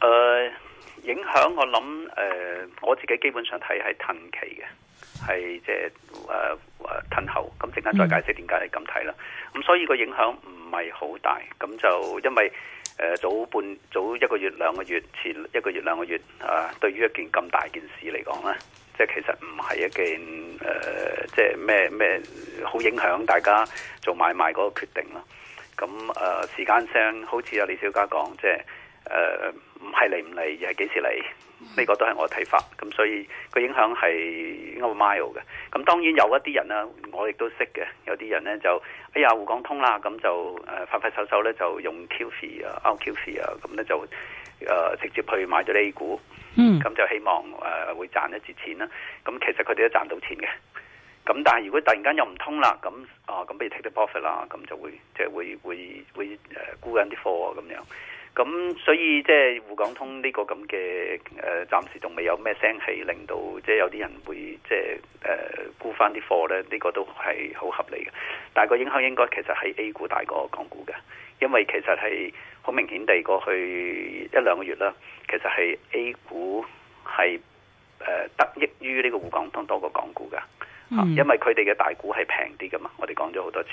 誒、呃，影響我諗誒、呃，我自己基本上睇係褪期嘅，係即係誒誒褪後，咁陣間再解釋點解係咁睇啦。咁所以個影響唔係好大，咁就因為誒、呃、早半早一個月兩個月前一個月兩個月啊，對於一件咁大件事嚟講咧，即係其實唔係一件誒、呃、即係咩咩好影響大家做買賣嗰個決定咯。咁誒、呃、時間上好似阿李小加講，即係。誒、呃，唔係嚟，唔嚟，而係幾時嚟？呢個都係我嘅睇法。咁所以個影響係好 mile 嘅。咁當然有一啲人啦，我亦都識嘅。有啲人咧就，哎呀，滬港通啦，咁就誒，快快手手咧就用 QF 啊、Out QF 啊，咁咧就誒直接去買咗呢 A 股，咁就希望誒會賺一截錢啦。咁其實佢哋都賺到錢嘅。咁但係如果突然間又唔通啦，咁啊，咁不如 take the profit 啦，咁就會即係會會會誒沽緊啲貨啊咁樣。咁所以即係滬港通呢個咁嘅，誒，暫時仲未有咩聲氣，令到即係有啲人會即係誒沽翻啲貨咧？呢個都係好合理嘅。但係個影響應該其實係 A 股大過港股嘅，因為其實係好明顯地過去一兩個月啦，其實係 A 股係誒得益於呢個滬港通多過港股嘅。因為佢哋嘅大股係平啲噶嘛，我哋講咗好多次。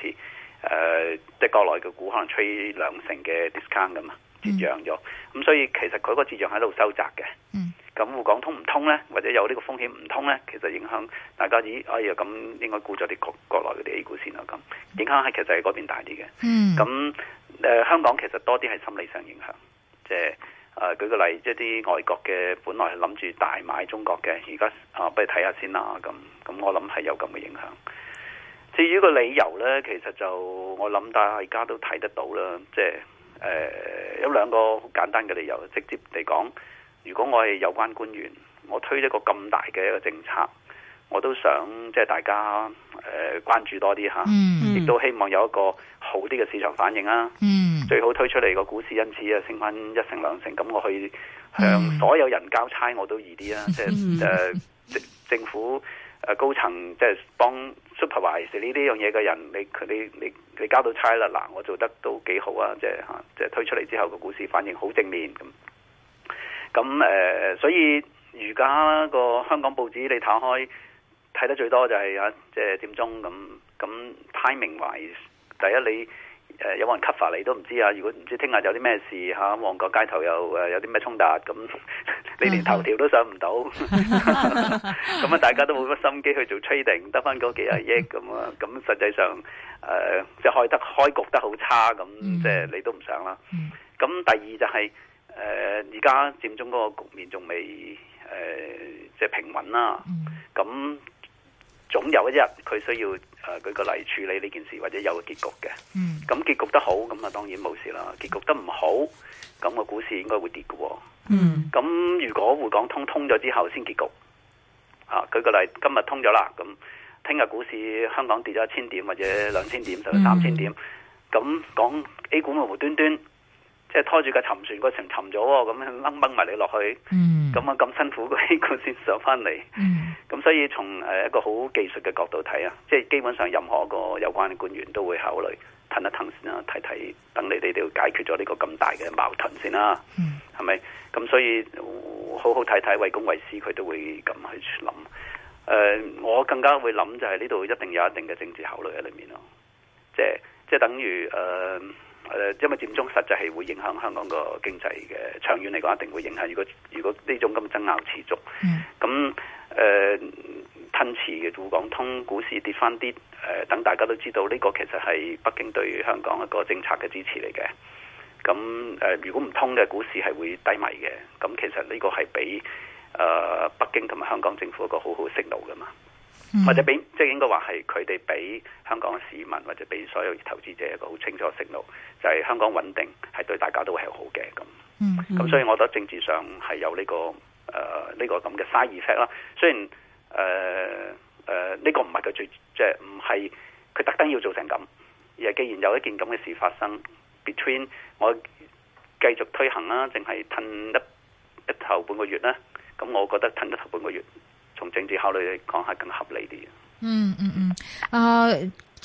誒，即係國內嘅股可能吹兩成嘅 discount 噶嘛。折讓咗，咁、嗯、所以其實佢個折讓喺度收窄嘅。咁滬港通唔通咧，或者有呢個風險唔通咧，其實影響大家。咦，哎呀咁，應該估咗啲國國內嗰啲 A 股先啦。咁影響係其實係嗰邊大啲嘅。咁、嗯、誒、呃，香港其實多啲係心理上影響，即係誒，舉個例，即係啲外國嘅本來係諗住大買中國嘅，而家啊不如睇下先啦。咁咁，那那我諗係有咁嘅影響。至於個理由咧，其實就我諗大家而家都睇得到啦，即、就、係、是。誒、呃，有兩個好簡單嘅理由，直接嚟講，如果我係有關官員，我推一個咁大嘅一個政策，我都想即係大家誒、呃、關注多啲吓，亦、嗯、都希望有一個好啲嘅市場反應啊、嗯，最好推出嚟個股市因此啊升翻一成兩成，咁我去向所有人交差我都易啲啦。即係誒、呃、政府。誒，高層即係幫 supervise 呢啲樣嘢嘅人，你，你你你你交到差啦，嗱我做得都幾好啊，即係嚇，即係推出嚟之後個股市反應好正面咁。咁誒，所以而家個香港報紙你攤開睇得最多就係、是、啊，即係佔中咁。咁 timing wise，第一你。誒，有冇人 cover 你都唔知啊？如果唔知聽日有啲咩事吓，旺角街頭有誒有啲咩衝突咁，你連頭條都上唔到，咁啊，大家都冇乜心機去做 trading，得翻嗰幾廿億咁啊，咁實際上誒，即係開得開局得好差，咁即係你都唔想啦。咁第二就係、是、誒，而家佔中嗰個局面仲未誒即係平穩啦，咁總有一日佢需要。誒、啊，舉個例，處理呢件事或者有個結局嘅，咁、嗯、結局得好，咁啊當然冇事啦。結局得唔好，咁、那個股市應該會跌嘅。嗯，咁如果滬港通通咗之後先結局，啊，舉個例，今日通咗啦，咁聽日股市香港跌咗一千點或者兩千點，甚至三千點，咁講 A 股咪無端端，即係拖住個沉船個船沉咗，咁掹掹埋你落去，咁啊咁辛苦個 A 股先上翻嚟。嗯嗯嗯所以從誒一個好技術嘅角度睇啊，即係基本上任何個有關嘅官員都會考慮停一停先啦，睇睇等你哋都解決咗呢個咁大嘅矛盾先啦，係咪？咁所以好好睇睇，為公為私，佢都會咁去諗。誒、呃，我更加會諗就係呢度一定有一定嘅政治考慮喺裏面咯。即係即係等於誒、呃，因為佔中實際係會影響香港個經濟嘅長遠嚟講，一定會影響。如果如果呢種咁嘅爭拗持續，咁、嗯。誒、呃，推遲嘅滬港通股市跌返啲，誒、呃，等大家都知道呢、這個其實係北京對香港一個政策嘅支持嚟嘅。咁誒、呃，如果唔通嘅股市係會低迷嘅。咁其實呢個係俾誒北京同埋香港政府一個好好嘅 signal 㗎嘛、嗯。或者俾，即係應該話係佢哋俾香港市民或者俾所有投資者一個好清楚嘅 signal，就係、是、香港穩定係對大家都係好嘅。咁，咁、嗯嗯、所以我覺得政治上係有呢、這個。誒、呃、呢、這個咁嘅 size effect 啦，雖然誒誒呢個唔係佢最即係唔係佢特登要做成咁，而係既然有一件咁嘅事發生，between 我繼續推行啦，淨係褪得一頭半個月啦。咁我覺得褪得頭半個月，從政治考慮嚟講係更合理啲。嗯嗯嗯，啊、嗯。嗯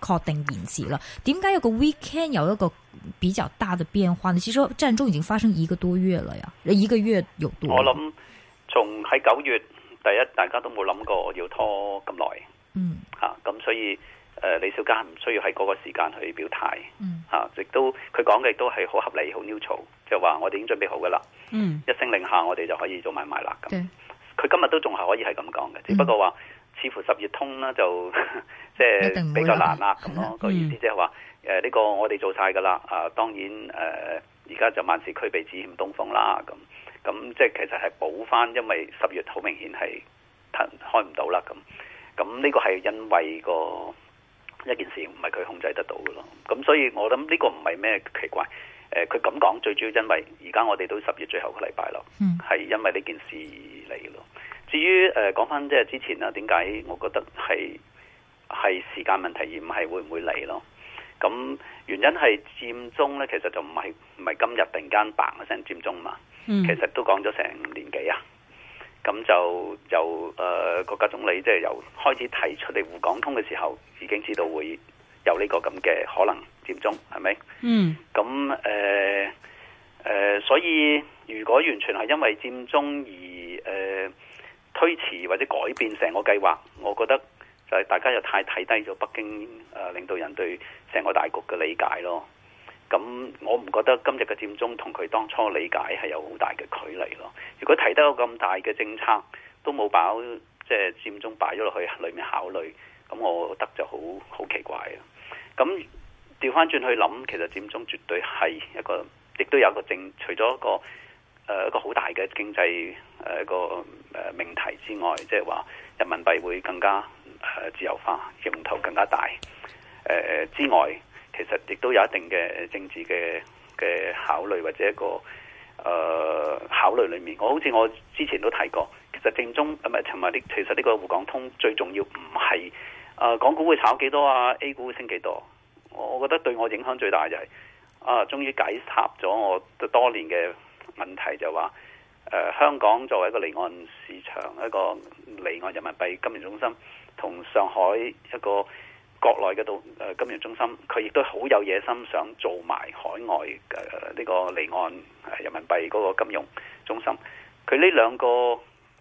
確定延遲了，點解有個 weekend 有一個比較大嘅變化呢？其實佔中已經發生一個多月了呀，一個月有多。我諗從喺九月，第一大家都冇諗過要拖咁耐。嗯。嚇、啊，咁所以誒、呃、李小加唔需要喺嗰個時間去表態。嗯。嚇、啊，亦都佢講嘅亦都係好合理、好 neutral，即係話我哋已經準備好噶啦。嗯。一聲令下，我哋就可以做買賣啦。對。佢今日都仲係可以係咁講嘅，只不過話。似乎十月通啦，就即係、就是、比較難啦，咁咯、個意思即係話，誒、嗯、呢、呃呢個我哋做晒噶啦，啊、呃、當然誒而家就萬事俱備，只欠東風啦，咁咁即係其實係補翻，因為十月好明顯係開唔到啦，咁咁呢個係因為個一件事唔係佢控制得到嘅咯，咁所以我諗呢個唔係咩奇怪，誒佢咁講最主要因為而家我哋都十月最後個禮拜咯，係、嗯、因為呢件事嚟嘅咯。至於誒講返即係之前啊，點解我覺得係係時間問題而唔係會唔會嚟咯？咁原因係佔中咧，其實就唔係唔係今日突然間 bang 一聲佔中嘛。嗯、其實都講咗成年幾啊，咁就就誒、呃、國家總理即係、就是、由開始提出嚟滬港通嘅時候，已經知道會有呢個咁嘅可能佔中係咪？嗯。咁誒誒，所以如果完全係因為佔中而誒。呃推遲或者改變成個計劃，我覺得就係大家又太睇低咗北京誒領導人對成個大局嘅理解咯。咁我唔覺得今日嘅佔中同佢當初理解係有好大嘅距離咯。如果提到有咁大嘅政策，都冇把即係、就是、佔中擺咗落去裡面考慮，咁我覺得就好好奇怪啊。咁調翻轉去諗，其實佔中絕對係一個，亦都有一個除咗個誒一個好、呃、大嘅經濟。一個誒命題之外，即係話人民幣會更加誒自由化，用途更加大。誒、呃、之外，其實亦都有一定嘅政治嘅嘅考慮，或者一個誒、呃、考慮裏面。我好似我之前都提過，其實正宗，咁啊，尋日啲其實呢個滬港通最重要唔係啊，港股會炒幾多啊，A 股會升幾多。我覺得對我影響最大就係、是、啊，終於解套咗我多年嘅問題、就是，就話。誒、呃、香港作為一個離岸市場，一個離岸人民幣金融中心，同上海一個國內嘅度誒金融中心，佢亦都好有野心想做埋海外誒呢、呃這個離岸人民幣嗰個金融中心。佢呢兩個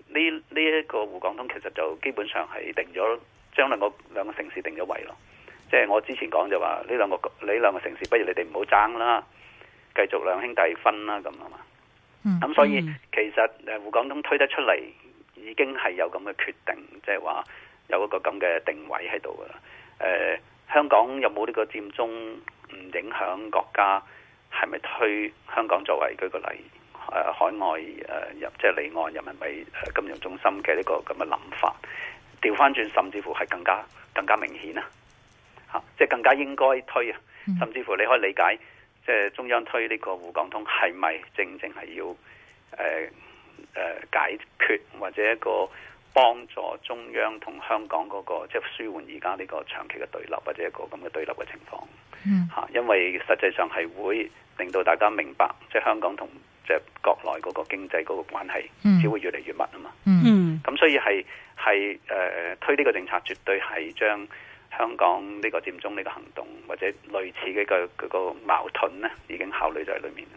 呢，呢一個滬港通其實就基本上係定咗將兩個兩個城市定咗位咯。即、就、係、是、我之前講就話呢兩個呢兩個城市，不如你哋唔好爭啦，繼續兩兄弟分啦咁啊嘛。咁所以、嗯、其實誒，滬港通推得出嚟，已經係有咁嘅決定，即係話有一個咁嘅定位喺度噶啦。誒、呃，香港有冇呢個佔中唔影響國家，係咪推香港作為舉個例誒、呃、海外誒入即係離岸人民幣金融中心嘅呢、這個咁嘅諗法？調返轉，甚至乎係更加更加明顯啊！嚇，即係更加應該推啊！甚至乎你可以理解。嗯即係中央推呢個滬港通係咪正正係要誒誒、呃呃、解決或者一個幫助中央同香港嗰、那個即係、就是、舒緩而家呢個長期嘅對立或者一個咁嘅對立嘅情況？嗯，嚇，因為實際上係會令到大家明白，即、就、係、是、香港同即係國內嗰個經濟嗰個關係，只會越嚟越密啊嘛。嗯，咁所以係係誒推呢個政策，絕對係將，香港呢個佔中呢個行動或者類似嘅個嗰個矛盾呢，已經考慮在裏面。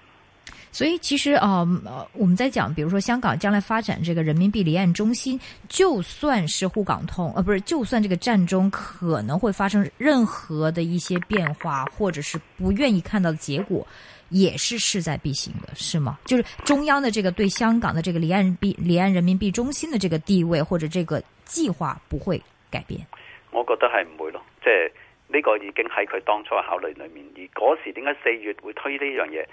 所以其實啊，呃，我們在講，比如說香港將來發展這個人民幣離岸中心，就算是滬港通，呃、啊，不是，就算這個佔中可能會發生任何的一些變化，或者是不願意看到的結果，也是勢在必行的，是嗎？就是中央的這個對香港的這個離岸人民離岸人民幣中心的這個地位或者這個計劃不會改變。我覺得係唔會咯，即係呢個已經喺佢當初嘅考慮裡面。而嗰時點解四月會推呢樣嘢？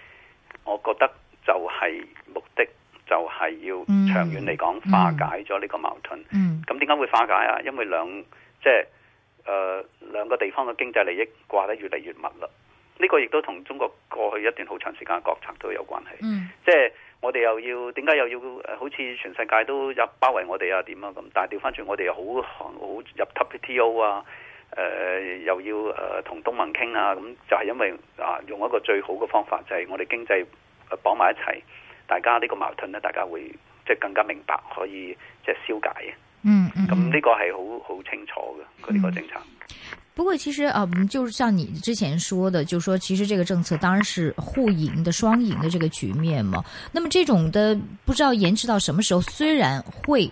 我覺得就係目的就係、係、要長遠嚟講化解咗呢個矛盾。咁點解會化解啊？因為兩即係誒兩個地方嘅經濟利益掛得越嚟越密啦。呢、呢個亦都同中國過去一段好長時間嘅國策都有關係。即、嗯、係。就係我哋又要點解又要好似全世界都入包圍我哋啊？點啊咁？但係調翻轉，我哋又好好入級 WTO 啊！誒、呃，又要誒同東盟傾啊！咁就係因為啊，用一個最好嘅方法就係、是、我哋經濟誒綁埋一齊，大家呢個矛盾咧，大家會即係、就是、更加明白，可以即係、就是、消解嘅。嗯，咁、嗯、呢個係好好清楚嘅，佢呢個政策、嗯。不過其實啊、嗯，就是像你之前說的，就是說其實這個政策當然是互贏的、雙贏的這個局面嘛。那麼這種的，不知道延遲到什麼時候，雖然會。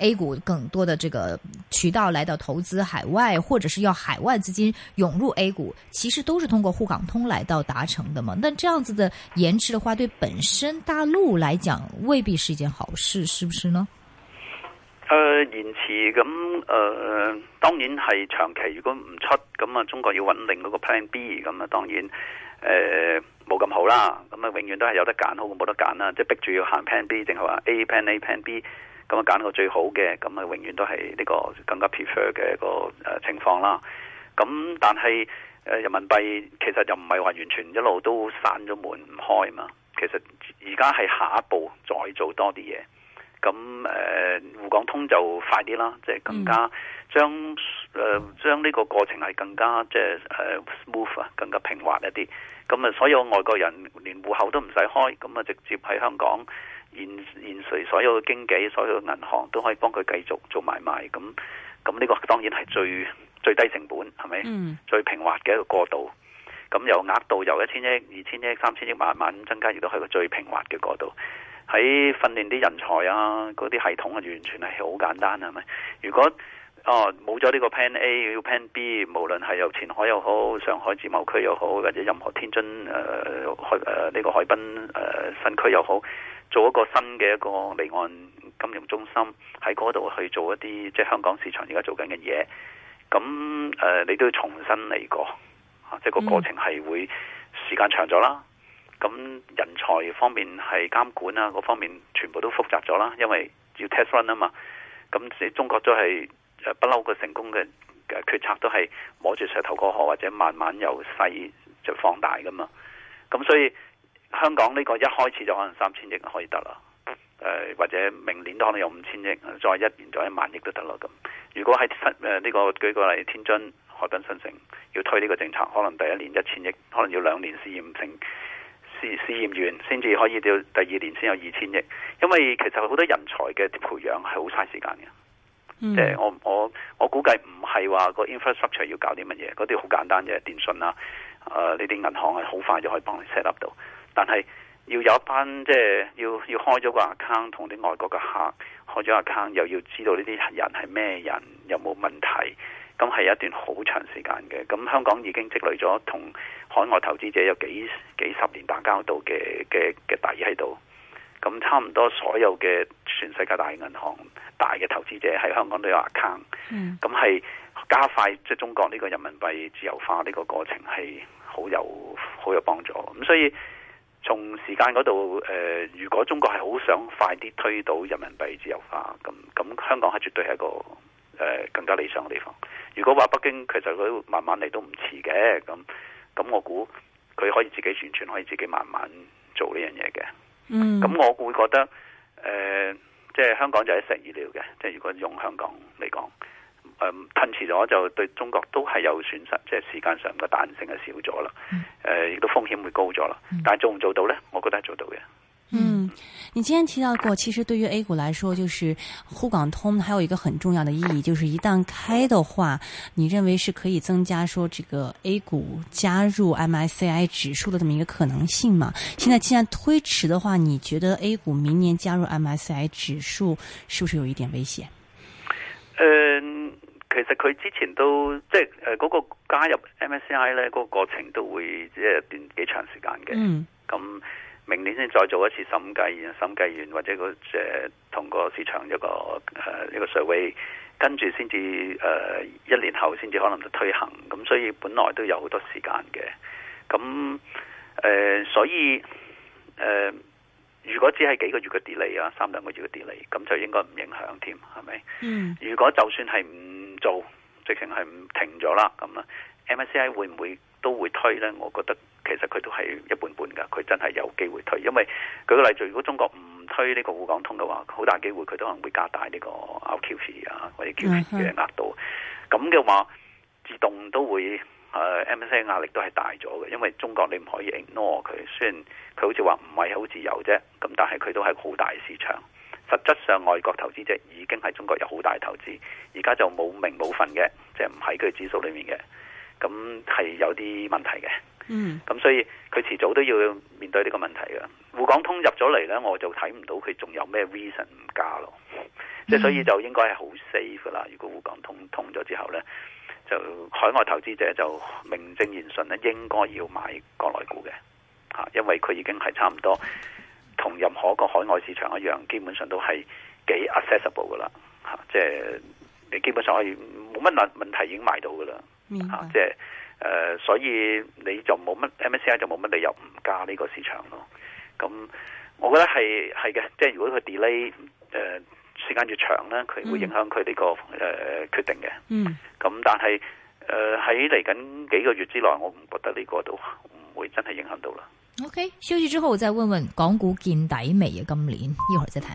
A 股更多的這個渠道來到投資海外，或者是要海外資金湧入 A 股，其實都是通過滬港通來到達成的嘛。那這樣子的延遲的話，對本身大陸來講未必是一件好事，是不是呢？誒、呃，延遲咁誒，當然係長期如果唔出咁啊，中國要穩定嗰個 Plan B 咁啊，當然誒冇咁好啦。咁啊，永遠都係有得揀，好過冇得揀啦，即係逼住要行 Plan B，定係話 A Plan A Plan B。咁啊，揀個最好嘅，咁啊，永遠都係呢個更加 prefer 嘅一個誒情況啦。咁但係誒人民幣其實就唔係話完全一路都閂咗門唔開嘛。其實而家係下一步再做多啲嘢。咁誒、呃，滬港通就快啲啦，即、就、係、是、更加將誒、呃、將呢個過程係更加即係誒 smooth 啊，更加平滑一啲。咁啊，所有外國人連戶口都唔使開，咁啊，直接喺香港。現現時所有嘅經紀、所有嘅銀行都可以幫佢繼續做買賣，咁咁呢個當然係最最低成本，係咪？嗯，最平滑嘅一個過渡，咁由額度由一千億、二千億、三千億慢慢增加，亦都係個最平滑嘅過渡。喺訓練啲人才啊，嗰啲系統啊，完全係好簡單，係咪？如果哦，冇咗呢個 Plan A 要 Plan B，無論係由前海又好，上海自貿區又好，或者任何天津誒、呃、海誒呢、呃這個海濱誒新區又好，做一個新嘅一個離岸金融中心喺嗰度去做一啲即係香港市場而家做緊嘅嘢，咁誒、呃、你都要重新嚟過啊，即、就、係、是、個過程係會時間長咗啦。咁人才方面係監管啊，各方面全部都複雜咗啦，因為要 test run 啊嘛。咁中國都係。不嬲嘅成功嘅決策都係摸住石頭過河，或者慢慢由細就放大噶嘛。咁所以香港呢個一開始就可能三千億就可以得啦，呃，或者明年都可能有五千億，再一年再一萬億都得咯。咁如果喺誒呢個舉個例，天津海濱新城要推呢個政策，可能第一年一千億，可能要兩年試驗成試試驗完先至可以到第二年先有二千億。因為其實好多人才嘅培養係好嘥時間嘅。即、嗯、係、就是、我我我估計唔係話個 infrastructure 要搞啲乜嘢，嗰啲好簡單嘅電訊啦、啊，誒呢啲銀行係好快就可以幫你 set up 到，但係要有一班即係要要開咗個 account 同啲外國嘅客開咗 account，又要知道呢啲人係咩人，有冇問題，咁係一段好長時間嘅，咁香港已經積累咗同海外投資者有幾幾十年打交道嘅嘅嘅底喺度。咁差唔多，所有嘅全世界大銀行、大嘅投資者喺香港都有 account。嗯，咁係加快即係中國呢個人民幣自由化呢個過程係好有好有幫助。咁所以從時間嗰度，誒、呃、如果中國係好想快啲推到人民幣自由化，咁咁香港係絕對係一個誒、呃、更加理想嘅地方。如果話北京其實佢慢慢嚟都唔遲嘅，咁咁我估佢可以自己完全可以自己慢慢做呢樣嘢嘅。嗯，咁我會覺得，誒、呃，即係香港就係一石二鳥嘅，即係如果用香港嚟講，誒、呃，吞遲咗就對中國都係有損失，即係時間上嘅彈性係少咗啦，誒、嗯，亦、呃、都風險會高咗啦，但係做唔做到咧？我覺得係做到嘅。你今天提到過，其實對於 A 股來說，就是滬港通還有一個很重要的意義，就是一旦開的話，你認為是可以增加說這個 A 股加入 MSCI 指數的這麼一個可能性嘛？現在既然推遲的話，你覺得 A 股明年加入 MSCI 指數是不是有一點危險？嗯、呃，其實佢之前都即係誒嗰個加入 MSCI 咧、嗰個過程都會即係段幾長時間嘅，嗯，咁、嗯。明年先再做一次審計員，審計員或者個即同個市場一個誒、呃、一個水位，跟住先至誒一年後先至可能就推行，咁所以本來都有好多時間嘅，咁誒、呃、所以誒、呃、如果只係幾個月嘅跌 e 啊，三兩個月嘅跌 e 咁就應該唔影響添，係咪？嗯。如果就算係唔做，直情係唔停咗啦，咁啊，MSCI 會唔會？都會推呢，我覺得其實佢都係一半半噶，佢真係有機會推。因為舉個例子，如果中國唔推呢個滬港通嘅話，好大機會佢都可能會加大呢個 RQF 啊或者 QF 嘅額度。咁嘅話，自動都會誒、呃、MSCI 壓力都係大咗嘅，因為中國你唔可以 ignore 佢，雖然佢好似話唔係好自由啫，咁但係佢都係好大市場。實質上，外國投資者已經喺中國有好大投資，而家就冇名冇份嘅，即係唔喺佢指數裏面嘅。咁係有啲問題嘅，嗯，咁所以佢遲早都要面對呢個問題嘅。滬港通入咗嚟呢，我就睇唔到佢仲有咩 reason 唔加咯，即係所以就應該係好 safe 啦。如果滬港通通咗之後呢，就海外投資者就名正言順呢應該要買國內股嘅，吓，因為佢已經係差唔多同任何個海外市場一樣，基本上都係幾 accessible 噶啦，吓，即係你基本上可以冇乜問題已經買到噶啦。啊，即係誒，所以你就冇乜 MSCI 就冇乜理由唔加呢個市場咯。咁、嗯、我覺得係係嘅，即係如果佢 delay 誒時間越長咧，佢會影響佢哋個誒、呃、決定嘅。咁、嗯、但係誒喺嚟緊幾個月之內，我唔覺得呢個都唔會真係影響到啦。OK。消息之後再問問港股見底未啊？今年，一會再睇。